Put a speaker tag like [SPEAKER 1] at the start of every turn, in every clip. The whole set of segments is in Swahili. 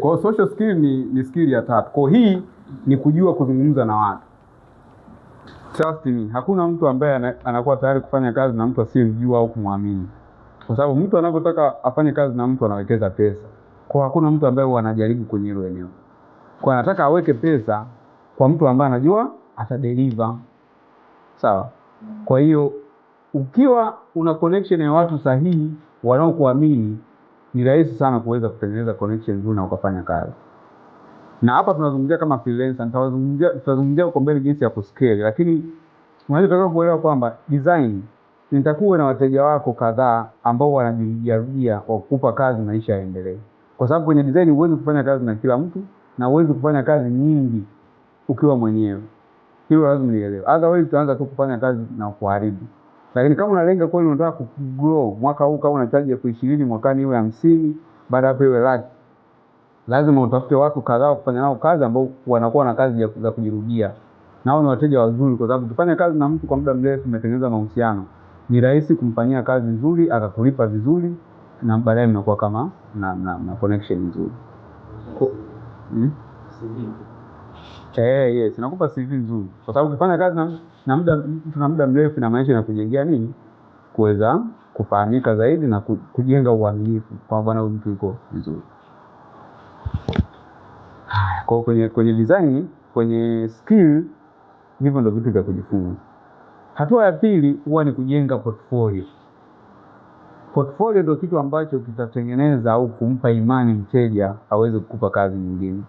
[SPEAKER 1] Kwa social skill ni, ni skill ya tatu. Kwa hii ni kujua kuzungumza na watu. Trust me, hakuna mtu ambaye anakuwa tayari kufanya kazi na mtu asiyemjua au kumwamini, kwa sababu mtu anapotaka afanye kazi na mtu anawekeza pesa. Kwa hakuna mtu ambaye huwa anajaribu kwenye hilo eneo, kwa anataka aweke pesa kwa mtu ambaye anajua atadeliver, sawa. Kwa hiyo ukiwa una connection ya watu sahihi wanaokuamini ni rahisi sana kuweza kutengeneza connection nzuri na ukafanya kazi. Na hapa tunazungumzia kama freelancer, nitawazungumzia tutazungumzia huko mbele jinsi ya kuscale, lakini unaweza kuelewa kwamba design nitakuwa na wateja wako kadhaa ambao wanajirudia kwa kukupa kazi na isha yaendelee, kwa sababu kwenye design huwezi kufanya kazi na kila mtu na huwezi kufanya kazi nyingi ukiwa mwenyewe. Hilo lazima nielewe, otherwise utaanza tu kufanya kazi na kuharibu. Lakini kama unalenga kweli unataka kugrow mwaka huu, kama unahitaji elfu ishirini mwakani iwe hamsini, baada hapo iwe laki, lazima utafute watu kadhaa kufanya nao kazi ambao wanakuwa na kazi za kujirudia, nao ni wateja wazuri, kwa sababu ukifanya kazi na mtu kwa muda mrefu, umetengeneza mahusiano, ni rahisi kumfanyia kazi nzuri akakulipa vizuri, na baadaye mnakuwa kama na, na, na connection nzuri. Hmm? yeye yeye, nakupa CV nzuri kwa sababu ukifanya kazi na, na muda mtu na muda mrefu na maisha inakujengea nini kuweza kufahamika zaidi na kujenga uaminifu kwa bwana huyu mtu yuko vizuri. Kwa kwenye kwenye design, kwenye skill hivyo ndio vitu vya kujifunza. Hatua ya pili huwa ni kujenga portfolio. Portfolio ndio kitu ambacho kitatengeneza au kumpa imani mteja aweze kukupa kazi nyingine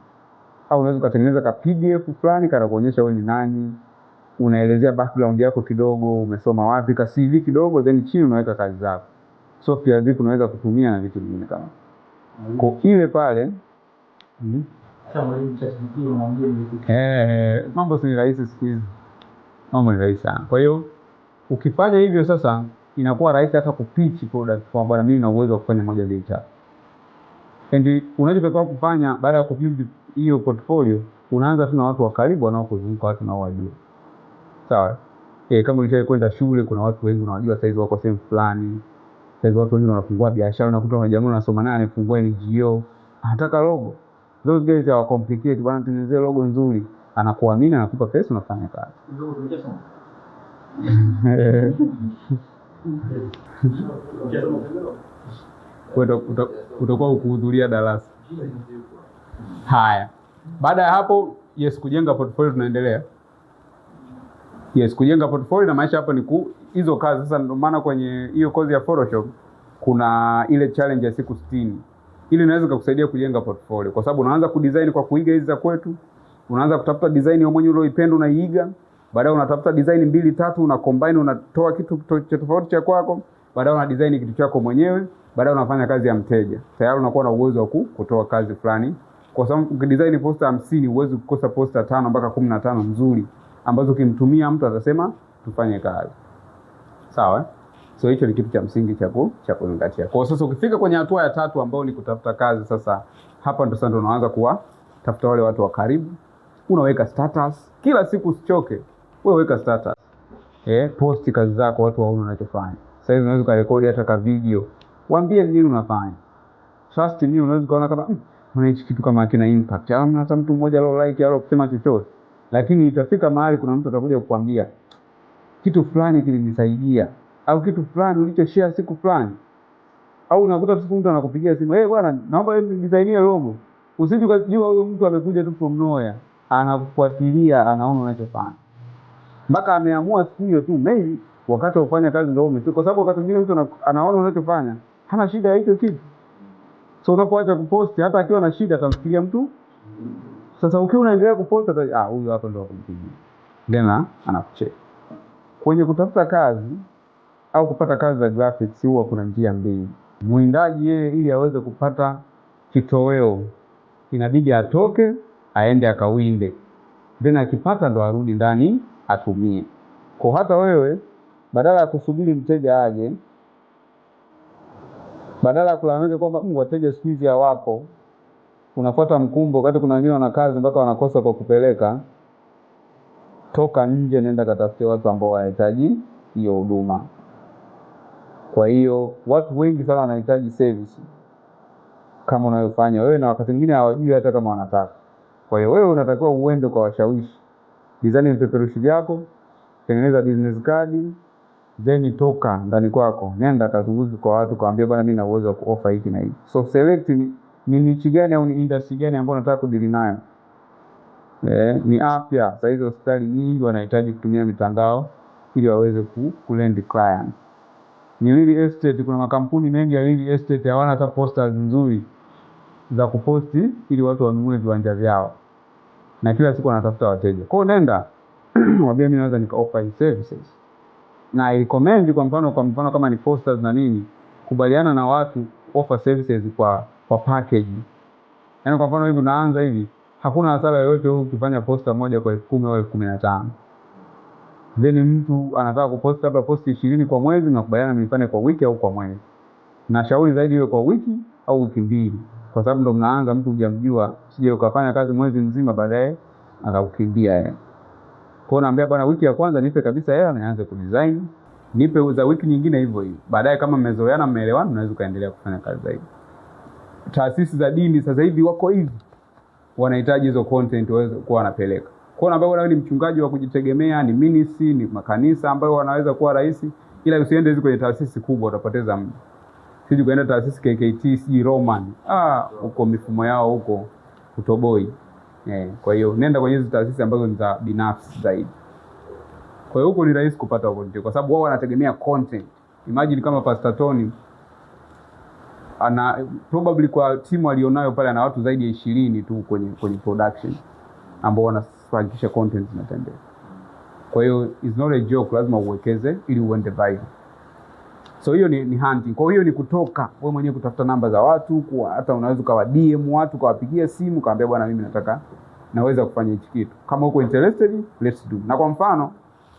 [SPEAKER 1] au unaweza ukatengeneza ka PDF fulani kanakuonyesha wewe ni nani, unaelezea background yako kidogo, umesoma wapi, ka CV kidogo, then chini unaweka kazi zako. Software zipo unaweza kutumia na vitu vingine kama kwa ile pale. Mm. Eh, mambo si rahisi siku hizi, mambo ni rahisi sana. Kwa hiyo ukifanya hivyo sasa inakuwa rahisi hata kupitch product kwa bwana, mimi na uwezo wa kufanya moja mbili tatu, and unachotakiwa kufanya baada ya kupitch hiyo portfolio unaanza tu na watu wa karibu wanaokuzunguka, watu unaowajua. Sawa e, kama ulishawahi kwenda shule, kuna watu wengi unawajua saizi wako sehemu fulani. Saizi watu wengi wanafungua biashara, unakuta kuna jamaa unasoma naye anafungua NGO, anataka logo. Those guys are complicated, bwana, tengenezee logo nzuri, anakuamini, anakupa pesa, unafanya kazi utakuwa ukuhudhuria darasa Haya, baada ya hapo, yes, kujenga portfolio tunaendelea. Yes, kujenga portfolio na maisha hapo ni ku hizo kazi sasa. Ndio maana kwenye hiyo kozi ya Photoshop kuna ile challenge ya siku 60 ili inaweza kukusaidia kujenga portfolio, kwa sababu unaanza kudesign kwa kuiga hizi za kwetu, unaanza kutafuta design ya mwenyewe ulioipenda unaiiga, baadaye unatafuta design mbili tatu, una combine, unatoa kitu cha tofauti cha kwako, baadaye una design kitu chako mwenyewe, baadaye unafanya kazi ya mteja, tayari unakuwa na uwezo wa kutoa kazi fulani kwa sababu ukidesign posta hamsini huwezi kukosa posta tano mpaka kumi na tano nzuri ambazo ukimtumia mtu atasema tufanye kazi sawa eh? So hicho ni kitu cha msingi cha cha kuzingatia. Kwa sasa ukifika kwenye hatua ya tatu ambayo ni kutafuta kazi, sasa hapa ndo sasa unaanza kuwa tafuta wale watu wa karibu, unaweka status kila siku, usichoke wewe, weka status eh, posti kazi zako, watu waone unachofanya. Sasa hivi unaweza kurekodi hata ka video, waambie nini unafanya. Trust me, unaweza kuona kama hmm, kuna hichi kitu kama kina impact, ama hata mtu mmoja alo like alo kusema chochote, lakini itafika mahali kuna mtu atakuja kukwambia kitu fulani kilinisaidia, au kitu fulani ulicho share siku fulani, au unakuta siku mtu anakupigia simu, eh, bwana, naomba wewe designie logo. Usije ukajua huyo mtu amekuja tu from nowhere, anakufuatilia, anaona unachofanya mpaka ameamua siku hiyo tu, maybe wakati wa kufanya kazi ndio umefika, kwa sababu wakati mwingine mtu anaona unachofanya hana shida ya hicho kitu. So unapoacha kuposti hata akiwa na shida atamfikiria mtu. Sasa ukiwa unaendelea kuposti ah, huyu hapa ndo akumpigia. Then ah, anakucheka. Kwenye kutafuta kazi au kupata kazi za graphics huwa kuna njia mbili. Mwindaji yeye ili aweze kupata kitoweo inabidi atoke aende akawinde, then akipata ndo arudi ndani atumie. Kwa hata wewe badala ya kusubiri mteja aje badala ya kulalamika kwamba wateja siku hizi hawapo, unafuata mkumbo, wakati kuna wengine wana kazi mpaka wanakosa kwa kupeleka. Toka nje, nenda katafute watu ambao wanahitaji hiyo huduma. Kwa hiyo watu wengi sana wanahitaji service kama unayofanya wewe, na wakati mwingine hawajui hata kama wanataka. Kwa hiyo wewe unatakiwa uende kwa washawishi, design vipeperushi vyako, tengeneza business card theni toka ndani kwako, nenda kazungumze kwa watu, kaambia bana, mimi na uwezo wa kuofa hiki na hiki. So select ni nichi gani au ni industry gani ambayo nataka kudili nayo. Eh, ni afya. Sasa hizo hospitali nyingi wanahitaji kutumia mitandao ili waweze ku, land client. Ni real estate, kuna makampuni mengi ya real estate hawana hata posters nzuri za kuposti ili watu wanunue viwanja vyao, na kila siku wanatafuta wateja. Kwa hiyo nenda waambie, mimi naweza nikaofa services na I recommend kwa mfano, kwa mfano kama ni posters na nini, kubaliana na watu offer services kwa kwa package. Yaani kwa mfano hivi unaanza hivi, hakuna hasara yoyote huko ukifanya poster moja kwa 10 au 15. Then mtu anataka kupost hapa post 20 kwa mwezi, na kubaliana mlifanye kwa wiki au kwa mwezi. Na shauri zaidi iwe kwa wiki au wiki mbili, kwa sababu ndo mnaanza, mtu hujamjua, sije ukafanya kazi mwezi mzima, baadaye akakukimbia yeye kwao. naambia bwana, wiki ya kwanza nipe kabisa hela nianze kudesign, nipe za wiki nyingine hivyo hivyo. Baadaye kama mmezoeana, mmeelewana, unaweza ukaendelea kufanya kazi zaidi. Taasisi za dini sasa hivi wako hivi, wanahitaji hizo content waweze kuwa wanapeleka. kwao. naambia bwana, ni mchungaji wa kujitegemea, ni ministry, ni makanisa ambayo wanaweza kuwa rahisi, ila usiende hizo kwenye taasisi kubwa, utapoteza muda. Sijui kuenda taasisi KKT, sijui Roman, ah, huko mifumo yao huko utoboi. Eh, kwa hiyo nenda kwenye hizo taasisi ambazo ni za binafsi zaidi. Kwa hiyo huko ni rahisi kupata opportunity kwa sababu wao wanategemea content. Imagine kama Pastor Tony ana probably kwa timu alionayo pale ana watu zaidi ya ishirini tu kwenye kwenye production ambao wanafanikisha content zinatembea. Kwa hiyo it's not a joke, lazima uwekeze ili uende viral. So hiyo ni, ni hunting. Kwa hiyo ni kutoka wewe mwenyewe kutafuta namba za watu, kwa, hata unaweza ukawa DM watu, ukawapigia simu, kaambia bwana, mimi nataka naweza kufanya hichi kitu. Kama uko interested, let's do. Na kwa mfano,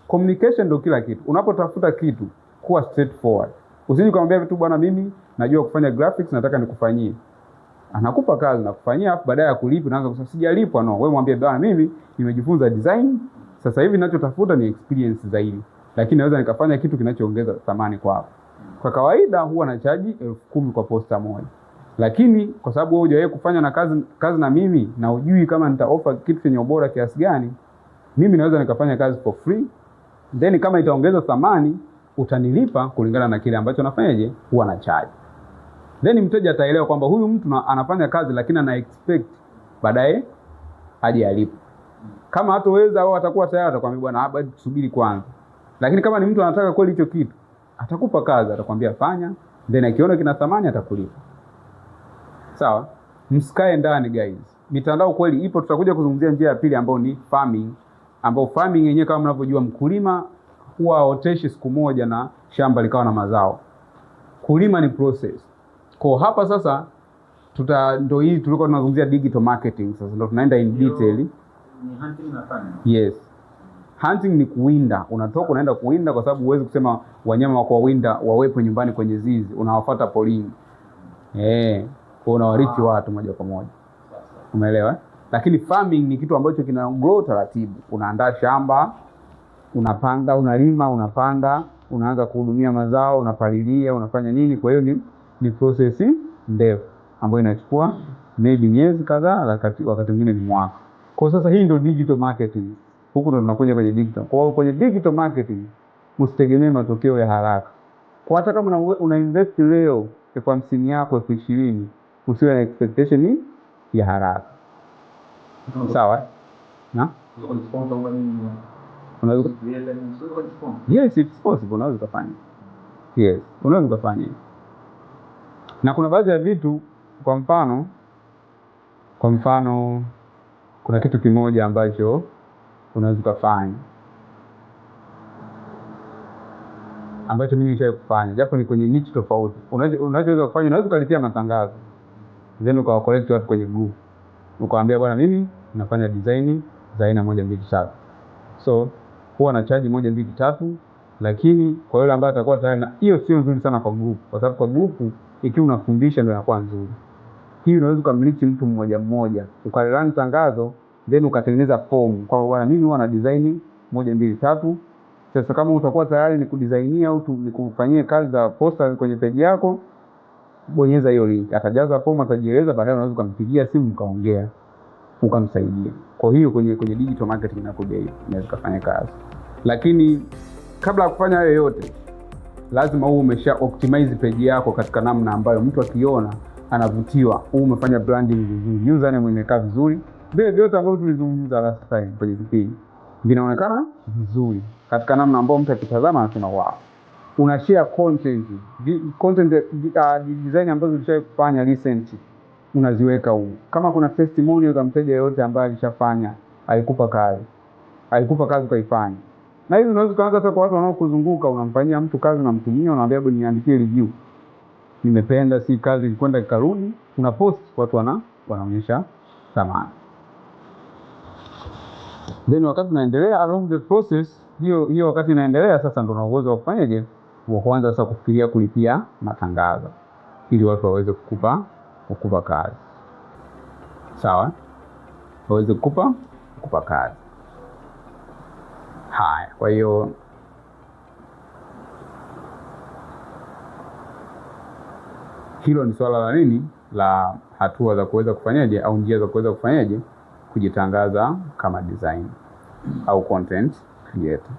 [SPEAKER 1] communication ndio kila kitu. Unapotafuta kitu, kuwa straightforward. Usije kumwambia mtu bwana, mimi najua kufanya graphics, nataka nikufanyie. Anakupa kazi na kufanyia, afu baadaye akulipi, naanza kusema sijalipwa. No, wewe mwambie bwana, mimi nimejifunza design, sasa hivi ninachotafuta ni experience zaidi. Lakini naweza nikafanya kitu kinachoongeza thamani kwako. Kwa kawaida huwa nachaji elfu kumi kwa posta moja, lakini kwa sababu wewe hujawahi kufanya na kazi, kazi na mimi na ujui kama nita offer kitu chenye ubora kiasi gani, mimi naweza nikafanya kazi for free, then kama itaongeza thamani utanilipa kulingana na kile ambacho nafanyaje huwa na charge. Then mteja ataelewa kwamba huyu mtu na, anafanya kazi lakini ana expect baadaye aje alipe. Kama hatoweza au atakuwa tayari atakwambia bwana, haba tusubiri kwanza. Lakini kama ni mtu anataka kweli hicho kitu atakupa kazi, atakwambia fanya, then akiona kina thamani atakulipa. Sawa, msikae ndani guys. Mitandao kweli ipo, tutakuja kuzungumzia njia ya pili ambayo ni farming, ambayo farming yenyewe kama mnavyojua, mkulima huwa aoteshi siku moja na shamba likawa na mazao. Kulima ni process. Kwa hapa sasa tuta ndo hii tulikuwa tunazungumzia digital marketing, sasa ndo tunaenda in detail. Ni
[SPEAKER 2] hunting na farming.
[SPEAKER 1] Yes. Hunting ni kuwinda, unatoka unaenda kuwinda, kwa sababu huwezi kusema wanyama wako wawinda wawepo nyumbani kwenye zizi, unawafuata polini eh, kwa unawarithi watu moja kwa moja, umeelewa? Lakini farming ni kitu ambacho kina grow taratibu, unaandaa shamba, unapanda, unalima, unapanda, unaanza kuhudumia mazao, unapalilia, unafanya nini. Kwa hiyo ni, ni process ndefu ambayo inachukua maybe miezi kadhaa, wakati mwingine ni mwaka. Kwa sasa hii ndio digital marketing. Huku ndo tunakuja kwenye digital. Kwa hiyo kwenye digital marketing msitegemee matokeo ya haraka. Kwa hata kama una una invest leo elfu hamsini yako elfu ishirini usiwe na expectation ya haraka. Sawa? Na? Yes, it's possible. Unaweza kufanya. Yes, unaweza kufanya. Na kuna baadhi ya vitu kwa mfano kwa mfano kuna kitu kimoja ambacho unaweza ukafanya ambacho mimi nishai kufanya japo ni kwenye niche tofauti. Unachoweza kufanya, unaweza ukalipia matangazo then ukawakolekti watu kwenye group, ukawaambia bwana, mimi nafanya design za aina moja mbili tatu, so huwa na chaji moja mbili tatu, lakini kwa yule ambaye atakuwa tayari na hiyo. Sio nzuri sana kwa group, kwa sababu kwa group ikiwa unafundisha ndio inakuwa nzuri. Hii unaweza ukamlichi mtu mmoja mmoja, ukalilani tangazo then ukatengeneza form kwa bwana, mimi huwa na design moja mbili tatu. Sasa kama utakuwa tayari nikudesignia au nikufanyie kazi za poster kwenye page yako, bonyeza hiyo link, atajaza form, atajieleza, baadaye unaweza ukampigia simu mkaongea, ukamsaidia. Kwa hiyo kwenye kwenye digital marketing inakuja hiyo, unaweza kufanya kazi, lakini kabla ya kufanya hayo yote lazima uwe umesha optimize page yako katika namna ambayo mtu akiona anavutiwa. Uwe umefanya branding vizuri, username imekaa vizuri vile vyote ambavyo tulizungumza la sasa hivi kwenye vipindi vinaonekana vizuri katika namna ambayo mtu akitazama anasema wow, una share content content uh, design ambazo ulishawahi kufanya recent unaziweka huko. Kama kuna testimonial za mteja yoyote ambaye alishafanya alikupa kazi alikupa kazi ukaifanya, na hivi unaweza ukaanza hata kwa watu wanaokuzunguka. Unamfanyia mtu kazi, unamtumia, unaambia bwana, niandikie review, nimependa, si kazi ilikwenda ikarudi, una post, watu wana wanaonyesha thamani. Then wakati unaendelea along the process hiyo hiyo, wakati inaendelea sasa, na uwezo wa kufanyaje, wa kwanza sasa kufikiria kulipia matangazo ili watu waweze kukupa kukupa kazi, sawa, waweze kukupa kukupa kazi. Haya, kwa hiyo hilo ni swala la nini, la hatua za kuweza kufanyaje au njia za kuweza kufanyaje kujitangaza kama design au content creator.